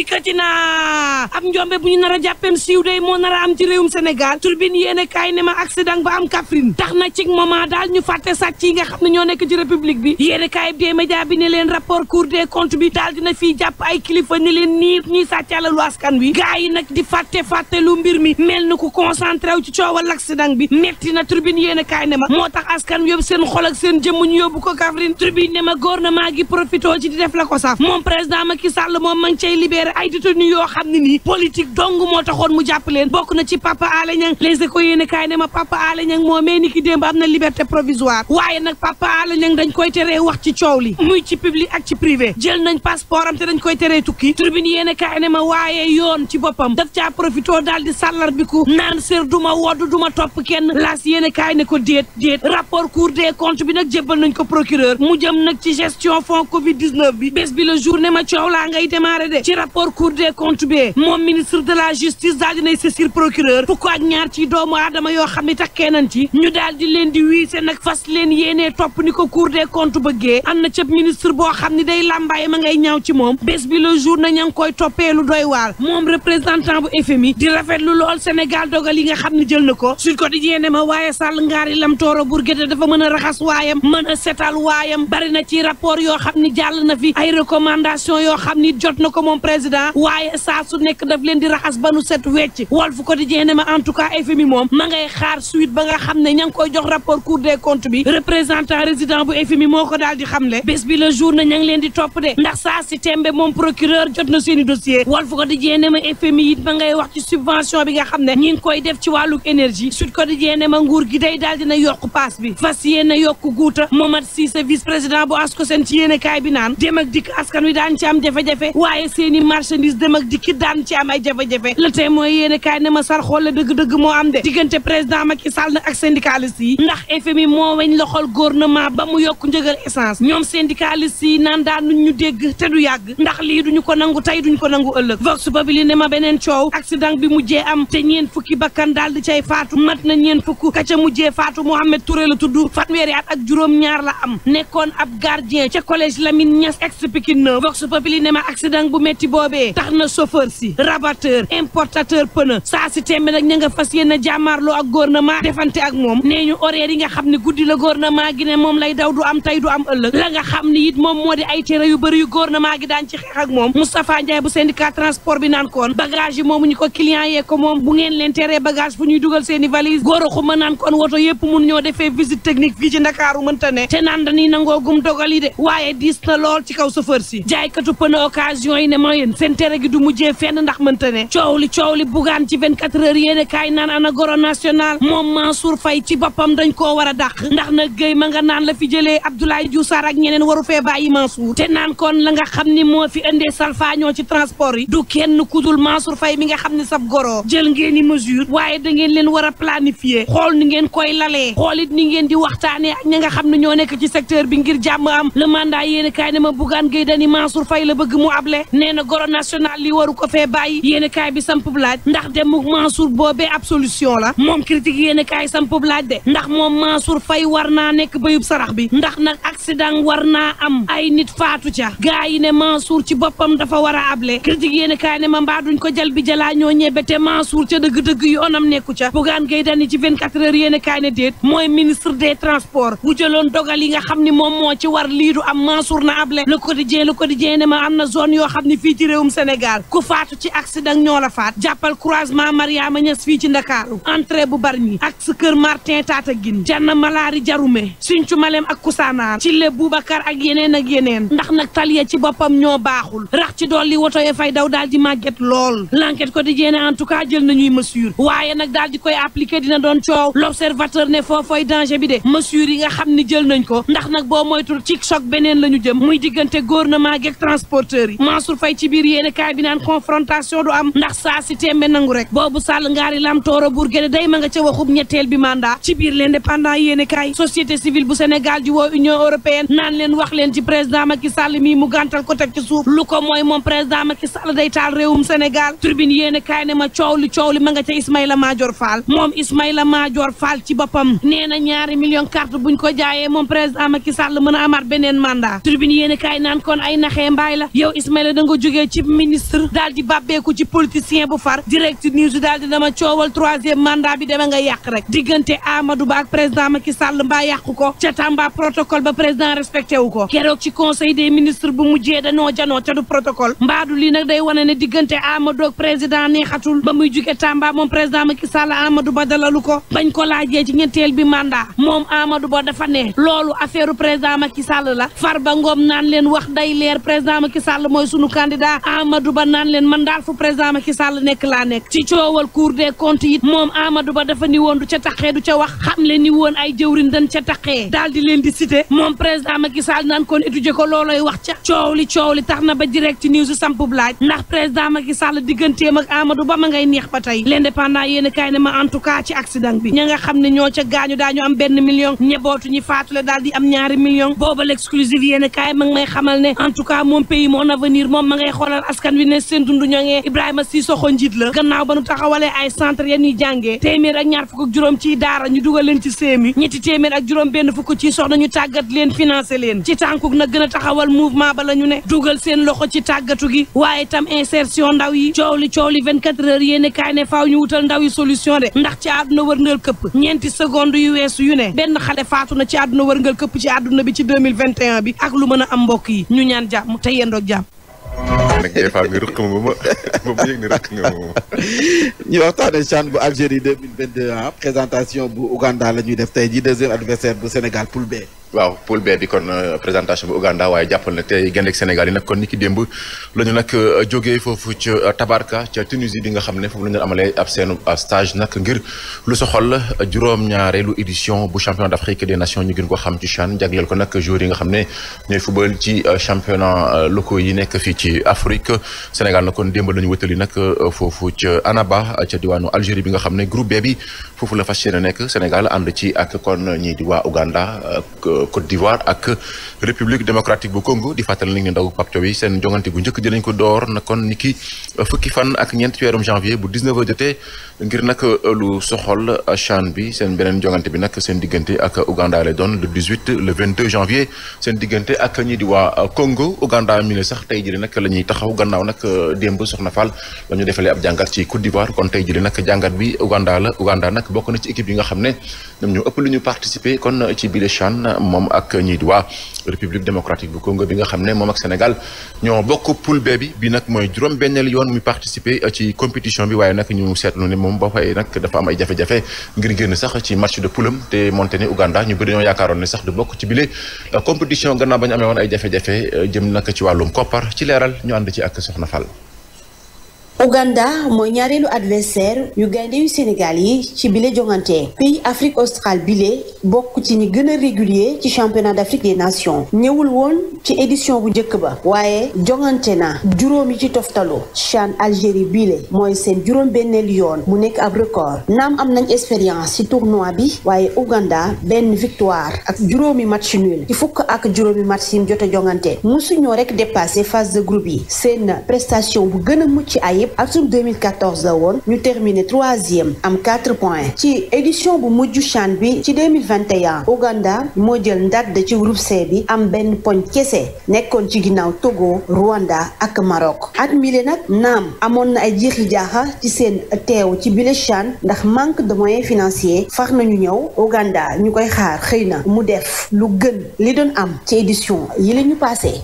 dikkati na ab njombe bu ñu nar a jàppem siiw day moo nar am ci réewum Sénégal turbine yéene kaay ne ma accident ba am Kaffrine tax na ci moment daal ñu fàtte sàcc yi nga xam ne ñoo nekk ci république bi yéene kaay bi média bi ne leen rapport cour des comptes bi daal dina fiy jàpp ay kilifa ni leen nii ñuy sàcc alalu askan wi gaa yi nag di fàtte fàtte lu mbir mi mel na ku concentré wu ci coowal accident bi metti na turbine yéene kaay ne ma moo tax askan yóbbu seen xol ak seen jëmm yóbbu ko Kaffrine turbine ne ma gouvernement gi profitoo ci di def la ko saaf moom président Macky Sall moom ma ngi cay libéré ay détenu yoo xam ne nii politique dong moo taxoon mu jàpp leen bokk na ci Papa Alé Niang Les Échos yéen kaay ne ma Papa Alé Niang moo mee ni ki am na liberté provisoire waaye nag Papa Alé Niang dañ koy teree wax ci coow li muy ci public ak ci privé jël nañ passeport am te dañ koy teree tukki tribune yéen kaay ne ma waaye yoon ci boppam daf caa profito daal di sàllar naan sër du ma wodd du ma topp kenn laas yéen ne ko déet déet rapport cour bi nag jébbal mu jëm nag ci gestion de pour cour des comptes bi moom ministre de la justice daal dinay saisir procureur fukk ak ñaar ci doomu aadama yoo xam ne takkee nañ ci ñu daal di leen di wiise nag fas leen yéenee topp ni ko cour des comptes bëggee am na cëb ministre boo xam ne day làmbaay ma ngay ñaaw ci moom bés bi le jour na ña ngi koy toppee lu doy waar moom représentant bu FMI di rafetlu lool Sénégal dogal yi nga xam ne jël na ko suñ ko di yéene ma waaye sàll ngaari lam tooro burgete dafa mën a raxas waayam mën a setal waayam bari na ci rapport yoo xam ne jàll na fi ay recommandation yoo xam ni jot na ko moom président waaye saa su nekk daf leen di raxas ba nu set wecc Walf Quotidien ne ma en tout cas FMI moom ma ngay xaar suite ba nga xam ne ña ngi koy jox rapport Cour des comptes bi représentant résident bu FMI moo ko daal di xamle bés bi la jour na ña ngi leen di topp de ndax saa si tembe moom procureur jot na seeni dossier Walf Quotidien ne ma FMI it ma ngay wax ci subvention bi nga xam ne ñi ngi koy def ci wàllu énergie Sud Quotidien ne ma nguur gi day daal dina yokk paas bi fas yéene yokk guuta Momad Cissé vice président bu ASCOSEN ci yéene kaay bi naan dem ak dikk wi daan ci am jafe marchandise dem ak dikki daan ci am ay jafe-jafe le tey mooy yéene kaay ne ma sar xool la dëgg-dëgg moo am de diggante président Macky Sall na ak syndicaliste yi ndax FMI moo weñ loxol gouvernement ba mu yokk njëgal essence ñoom syndicaliste yi naan daan nuñ ñu dégg te du yàgg ndax lii duñu ko nangu tey duñu ko nangu ëllëg vox populi ne ma beneen coow accident bi mujjee am te ñeen fukki bakkan daal di cay faatu mat na ñeen fukk ka ca mujjee faatu Mohamed Touré la tudd fanweeri at ak juróom ñaar la am nekkoon ab gardien ca collège Lamine Niass boobee tax na chauffeur si rabatteur importateur pneu saa si tembe nag ña nga fas yéene jàmmaarloo ak góor gouvernement defante ak moom nee ñu horaire yi nga xam ne guddi la góor gouvernement gi ne moom lay daw du am tey du am ëllëg la nga xam ne it moom moo di ay tere yu bëri yu gouvernement gi daan ci xeex ak moom Moustapha Ndiaye bu syndicat transport bi naan koon bagage yi moomu ñu ko client yee ko moom bu ngeen leen teree bagage fu ñuy dugal seeni valise góor a xuma naan yëpp mun ñoo defee visite technique fii ci Ndakaaru mënta ne te naan dañuy nangoo gum dogal yi waaye diis lool ci kaw chauffeur si jaaykatu pneu occasion yi ne mooy seen tere gi du mujjee fenn ndax mënta ne coow li coow li bugaan ci 24 heures yéene kaay naan ana goro national moom Mansour fay ci boppam dañ koo war a dàq ndax nag géy ma nga naan la fi jëlee Abdoulaye Diouf Sarr ak ñeneen waru fee bàyyi Mansour te naan kon la nga xam ni moo fi indee ñoo ci transport yi du kenn kudul Mansour fay mi nga xam ne sab goro jël ngeen i mesure waaye da ngeen leen war a planifier xool ni ngeen koy lalee xool it ni ngeen di waxtaanee ak ña nga xam ne ñoo nekk ci secteur bi ngir jàmm am le mandat yéene kaay ne ma bugaan géy dani Mansour Faye la bëgg mu able nee Assemblée nationale li waru ko fee bàyyi yéen kaay bi sampub laaj ndax de mu Mansour boobee absolution la moom critique yéen kaay sampub laaj de ndax moom Mansour Faye war naa nekk béyub sarax bi ndax nag accident war naa am ay nit faatu ca gaa yi ne Mansour ci boppam dafa war a able critique yéen kaay ne ma mbaa duñ ko jël bi jëlaa ñoo ñebe te Mansour ca dëgg-dëgg yoonam nekku ca Bougane Gueye Dany ci 24 heures yéen kaay ne déet mooy ministre des transports bu jëloon dogal yi nga xam ni moom moo ci war lii du am Mansour na able le quotidien le quotidien yoo xam réewum Sénégal ku faatu ci accident ñoo la faat jàppal croisement Mariama Niass fii ci Ndakaaru entrée bu bari Bargny axe kër Martin Tataguine janna malaari jarume Sinthiou Malem ak Koussanar ci le Boubacar ak yeneen ak yeneen ndax nag taliya ci boppam ñoo baaxul rax ci dolli woto ya fay daw daal di màgget lool l'enquête ko di jeene en tout cas jël nañuy mesure waaye nag daal di koy appliquer dina doon coow l'observateur ne foofooy danger bi de mesure yi nga xam ni jël nañ ko ndax nag boo moytul ci choc beneen la ñu jëm muy diggante gouvernement geeg transporteurs yi biir yéene kaay bi naan confrontation du am ndax saa si tembe nangu rek boobu sàll ngaari lam tooro burgéde day ma nga ca waxub ñetteel bi mandat ci biir l'indépendant yéene kaay société civile bu Sénégal di woo Union européenne naan leen wax leen ci président Macky Sall mii mu gàntal ko teg ci suuf lu ko mooy moom président Macky Sall day taal réewum Sénégal tribune yéene kaay ne ma coow li coow li ma nga ca Ismaïla Madior Fall moom Ismaïla Madior faal ci boppam nee na ñaari million carte buñ ko jaayee moom président Macky Sall mën a amaat beneen mandat tribune yéene kaay naan kon ay jógee ci ministre daal di bàbbeeku ci politicien bu far direct news daal di dama coowal troisième mandat bi deme nga yàq rek diggante Amadou Ba ak président Macky Sall mbaa yàqu ko ca Tamba protocole ba président respecté wu ko keroog ci conseil des ministres bu mujjee danoo janoo ca du protocole mbaadu lii nag day wane ne diggante Amadou ak président neexatul ba muy jóge Tamba moom président Macky Sall Amadou Ba dalalu ko bañ ko laajee ci ñetteel bi mandat moom Amadou Ba dafa ne loolu affaire président Macky Sall la Farba Ngom naan leen wax day leer président Macky Sall mooy sunu candidat candidat Amadou Ba naan leen man daal fu président Macky Sall nekk laa nekk ci coowal cour des comptes yi moom Amadou Ba dafa ni woon du ca taxee du ca wax xam le ni woon ay jëwrin dañ ca taxee daal di leen di cité moom président Macky Sall naan kon étudier ba ma ngay neex ba tey l'indépendant yéen kaay ne ma en tout cas ci accident bi ña nga xam ne ñoo ca gaañu daañu am benn million ñebootu ñi faatule daal di am ñaari million booba l'exclusive yéen xoolal askan wi ne seen dund ñoŋee Ibrahima Sissoko njiit la gannaaw ba nu taxawalee ay centre ya ñuy jàngee téeméer ak ñaar fukk ak juróom ciy daara ñu dugal leen ci séemi ñetti téeméer ak juróom benn fukk ciy soxna ñu tàggat leen financé leen ci tànkuk na gën a taxawal mouvement ba la ñu ne dugal seen loxo ci tàggatu gi waaye tam insertion ndaw yi coow li coow li 24 heures yéene kaay ne faaw ñu wutal ndaw yi solution de ndax ci àdduna wërngal këpp ñeenti seconde yu weesu yu ne benn xale faatu na ci àdduna wërngal këpp ci àdduna bi ci 2021 bi ak lu mën a am yi ñu ñaan jàmm te yendoog jàmm nag des fois nga ma ba ma ba ne rëq nga ma. ñu waxtaanee CHAN bu Algérie deux présentation bu Ouganda la ñuy def tey ji deuxième adversaire bu Sénégal poule B. waaw poule B bi kon euh, présentation bi Ouganda waaye jàppal na tey gànneeg Sénégal yi nag kon ni ki démb la ñu nag euh, jógee foofu ca euh, Tabarka ca Tunisie bi nga xam ne foofu la ñu amalee ab seen stage nag ngir lu soxal juróom-ñaareelu édition bu championnat d'Afrique des nations ñu gën ko xam ci CHAN jagleel ko nag joueurs yi nga xam ne ñooy football ci championnat locaux yi nekk fii ci Afrique Sénégal nag kon démb lañu ñu wëtali nag foofu ca anaba ca diwaanu Algérie bi nga xam ne groupe B bi foofu la fas yéene nekk Sénégal ànd ci ak kon ñii di waa Ouganda. Côte d'Ivoire ak République démocratique bu Congo di fàttali nañ ne ndaw Pape Thiaw seen jongante gu njëkk dinañ ko door na kon ni ki fan ak ñeent ci janvier bu 19h jotee ngir nag lu soxol CHAN bi seen beneen jongante bi nag seen diggante ak Ouganda lay doon le 18 le 22 janvier seen diggante ak ñi di waa Congo Ouganda mi ne sax tey jii nag la ñuy taxaw gannaaw nag démb soxna Fall la ñu defalee ab jàngat ci Côte d'Ivoire kon tey jii nag jàngat bi Ouganda la Ouganda na ci yi nga xam ne moom ak ñii di waa république démocratique bu Congo bi nga xam ne moom ak Sénégal ñoo bokk poule B bi bi nag mooy juróom benneel yoon muy participer euh, ci compétition bi waaye nag ñu seetlu ne moom ba fay nag dafa am ay jafe-jafe ngir génn sax ci match de poulam te monte ni Uganda ñu bëri ñoo yaakaaroon ne sax du bokk ci bile euh, compétition gannaaw ba ñu amee woon ay jafe-jafe euh, jëm nag ci wàllum koppar ci leeral ñu ànd ci ak Soxna Fall Ouganda mooy ñaareelu adversaire yu gaynde yu Sénégal yi ci bile jongante pays Afrique australe bile bokk ci ñi gën a régulier ci championnat d'Afrique de nations ñëwul woon ci édition bu njëkk ba waaye jongante na juróom yi ci toftalu CHAN Algérie bile mooy seen juróom benneelu yoon mu nekk ab record naam am nañ expérience ci tournoi bi waaye Ouganda benn victoire ak juróomi match nul ci fukk ak juróomi match yim jot jongante musuñoo rek dépasé phase de groupe yi yëpp atum 2014 la woon ñu terminé troisième am quatre points ci édition bu mujj CHAN bi ci 2021 Ouganda moo jël ndàdd ci groupe C bi am benn poñ kese nekkoon ci ginnaaw Togo Rwanda ak Maroc at mile nag naam amoon na ay jiixi jaaxa ci seen teew ci bile CHAN ndax manque de moyens financiers far nañu ñëw Ouganda ñu koy xaar xëy na mu def lu gën li doon am ci édition yi la ñu passé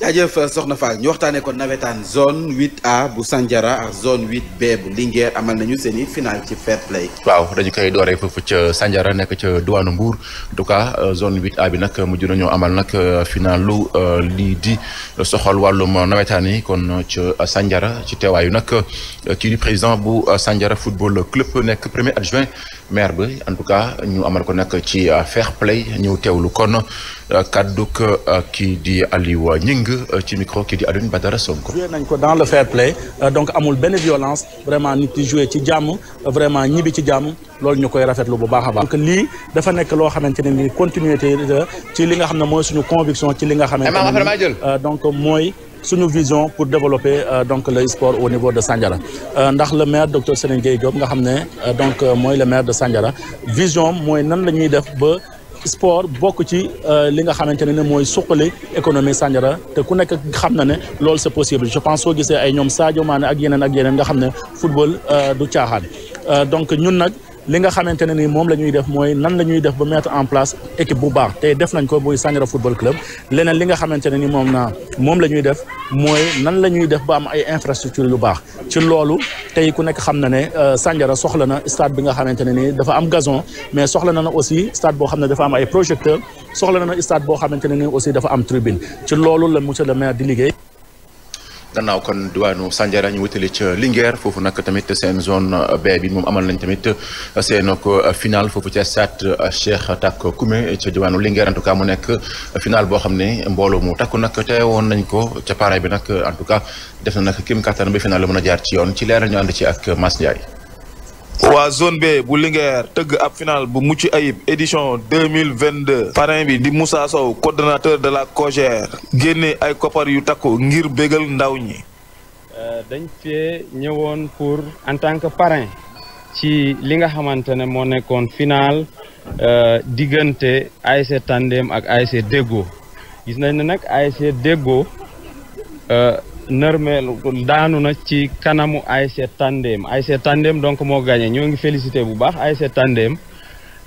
jaajëf soxna Fall ñu waxtaanee ko nawetaan zone 8A bu sanjara ak zone 8B bu Linguère amal nañu seen i final ci fair play. waaw dañu koy dooree foofu ca Sandiara nekk ca diwaanu mbuur duka euh, zone 8A bi nag mujj nañoo amal nag euh, final lu euh, lii di soxal wàllum nawetaan yi kon ca Sandiara ci teewaayu nag kii di président bu Sandiara football club nekk premier juin maire bi en tout cas ñu amal ko nag ci euh, fair play ñëw lu kon euh, kàdduk euh, kii di Aliou Gningue ci micro kii di Alioune Badara Sonko. joué nañ ko dans le fair play donc amul benn violence vraiment nit yi ci jàmm vraiment ñibbi ci jàmm loolu ñu koy rafetlu bu baax a baax. donc lii dafa nekk loo xamante ne nii continuité ci li nga xam ne mooy suñu conviction ci li nga xamante jël donc mooy. suñu vision pour développer euh, donc le sport au niveau de Sandiara euh, ndax le maire docteur Serigne Gueye Diop nga xam ne euh, donc mooy le maire de Sandiara vision mooy nan la ñuy def ba sport bokk ci li nga xamante ne mooy suqali économie Sandiara te ku nekk xam na ne loolu c'est possible je pense soo gisee ay ñoom Sadio Mané ak yeneen ak yeneen nga xam ne football du caaxaan donc ñun nag li nga xamante ne nii moom la ñuy def mooy nan la ñuy def ba mettre en place équipe bu baax tey def nañ ko muy Sandiara football club leneen li nga xamante ne nii moom naa moom la ñuy def mooy nan la ñuy def ba am ay infrastructure yu baax ci loolu tey ku nekk xam na ne euh, Sandiara soxla na stade bi nga xamante ne nii dafa am gazon mais soxla na na aussi stade boo xam ne dafa am ay projecteur soxla na na stade boo xamante ne ni aussi dafa am tribune ci loolu la monsieur le maire di gannaaw kon diwaanu Sandiara ñu wutali ca Linguère foofu nag tamit seen zone B bi moom amal nañ tamit seen ko final foofu ca stade Cheikh Tacko Koumé ca diwaanu Linguère en tout cas mu nekk final boo xam ne mbooloo mu takku nag woon nañ ko ca pare bi nag en tout cas def na nag kim kattan ba final la mën a jaar ci yoon ci leeral ñu ànd ci ak Mass Ndiaye. waa zone B bu Linguère tëgg ab final bu mucc ayib édition deux mille vingt deux parrain bi di Moussa Sow coordonnateur de la COJER génne ay koppar yu takku ngir bégal ndaw ñi. Euh, dañ fee ñëwoon pour en tant que parrain ci li nga xamante ne moo nekkoon final euh, diggante ASC Tandem ak ASC Déggo gis nañ ne nag ASC Déggo euh, nërmeelu daanu na ci kanamu ASC Tandem ASC Tandem donc moo gagné ñoo ngi félicité bu baax ay ASC Tandem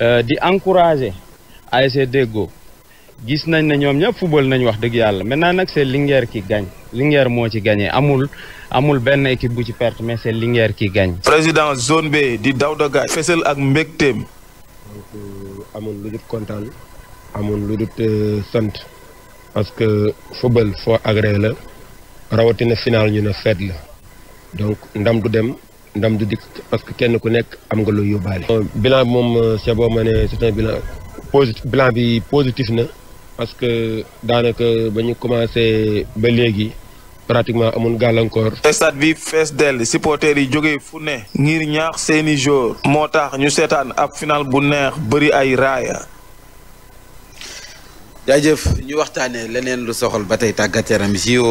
euh, di encouragé ASC Deggo gis nañ ne ñoom ñëpp football nañ wax dëgg yàlla maintenant nag c'est Linguère ki gañ Linguère moo ci gagné amul amul benn équipe bu ci perte mais c'est Linguère ki gañ président zone B di Daouda Gaye fesal ak mbégteem donc euh, amul lu dul kontaan amul lu dul euh, sant parce que football foo agréé la rawatina final ñu ne fête la donc ndam du dem ndam du dikk parce que kenn ku nekk am nga looy yóbbaale. Euh, bilan bi moom euh, c'est boo ma ne c'est un bilan positif bilan bi positif na parce que daanaka ba ñu commencé ba léegi. pratiquement amul gàllankoor. stade bi fees dell supporters yi jógee fu ne. ngir ñaax seeni jour moo tax ñu seetaan ab final bu neex bëri ay raaya. jaajëf ñu waxtaanee leneen lu soxal ba tey tàggat yaram JO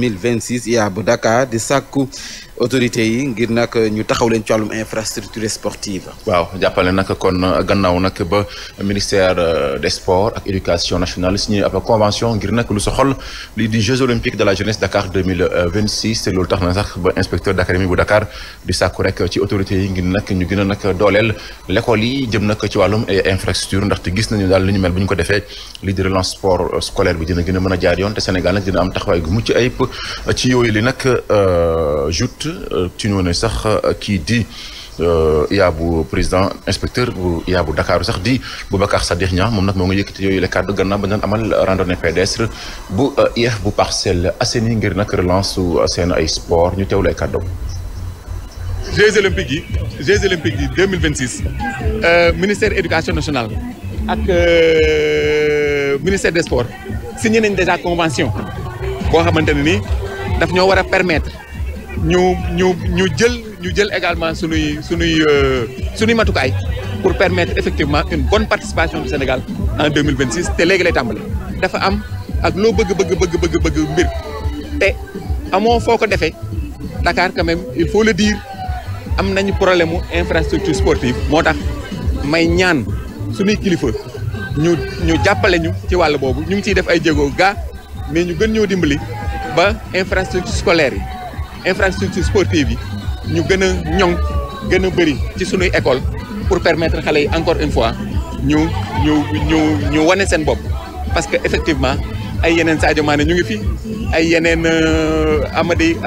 mille vingt 2026 IA bu Dakar di sàkku autorités yi ngir nag ñu taxaw leen ci wàllum infrastructure sportive. waaw jàppale nag kon gannaaw nag ba ministère euh, de sports ak éducation nationale signé nag lu soxal lii di Jeux de la jeunesse Dakar deux mille vingt six te loolu tax na sax ba rek ci yi ngir nag ñu gën a nag dooleel l'école yi jëm nag ci wàllum infrastructure ndaxte gis nañu daal li ñu mel bu ñu ko defee lii di relance sport euh, scolaire bi dina gën a mën jaar yoon te Sénégal nag dina am taxawaay gu mucc ayib ci yooyu li nag euh, jut. Euh, ci sax euh, kii di euh, yaa bu président inspecteur bu yaa bu Dakar sax di bu Boubacar Sadikh Niang moom nag moo yëkk yëkkati yooyu la kàddu gannaaw ba ñu amal randonnée pédestre bu IEF bu Parcelles Assainies ngir na nag relance su seen ay sport ñu teewlu ay kàddoom. Jeux olympiques yi Jeux olympiques yi deux mille vingt six ministère éducation nationale ak ministère des sports signé nañ déjà convention boo xamante ne daf ñoo war a ñu ñu ñu jël ñu jël également suñuy suñuy euh, suñuy matukaay pour permettre effectivement une bonne participation du Sénégal en 2026 te léegi lay tàmbali dafa am ak loo bëgg bëgg bëgg bëgg bëgg mbir te amoo foo ko defee Dakar quand même il faut le dire am nañu problème mu infrastructure sportive moo tax may ñaan suñuy kilifa ñu ñu jàppale ñu ci wàll boobu ñu ngi ciy def ay jéego ga mais ñu gën ñoo dimbali ba infrastructure scolaire yi infrastructure sportive yi ñu gën a ñoŋ gën a bëri ci sunuy école pour permettre xale yi encore une fois ñu ñu ñu ñu wane seen bopp parce que effectivement ay yeneen Sadio Mané ñu ngi fi ay yeneen euh, Amady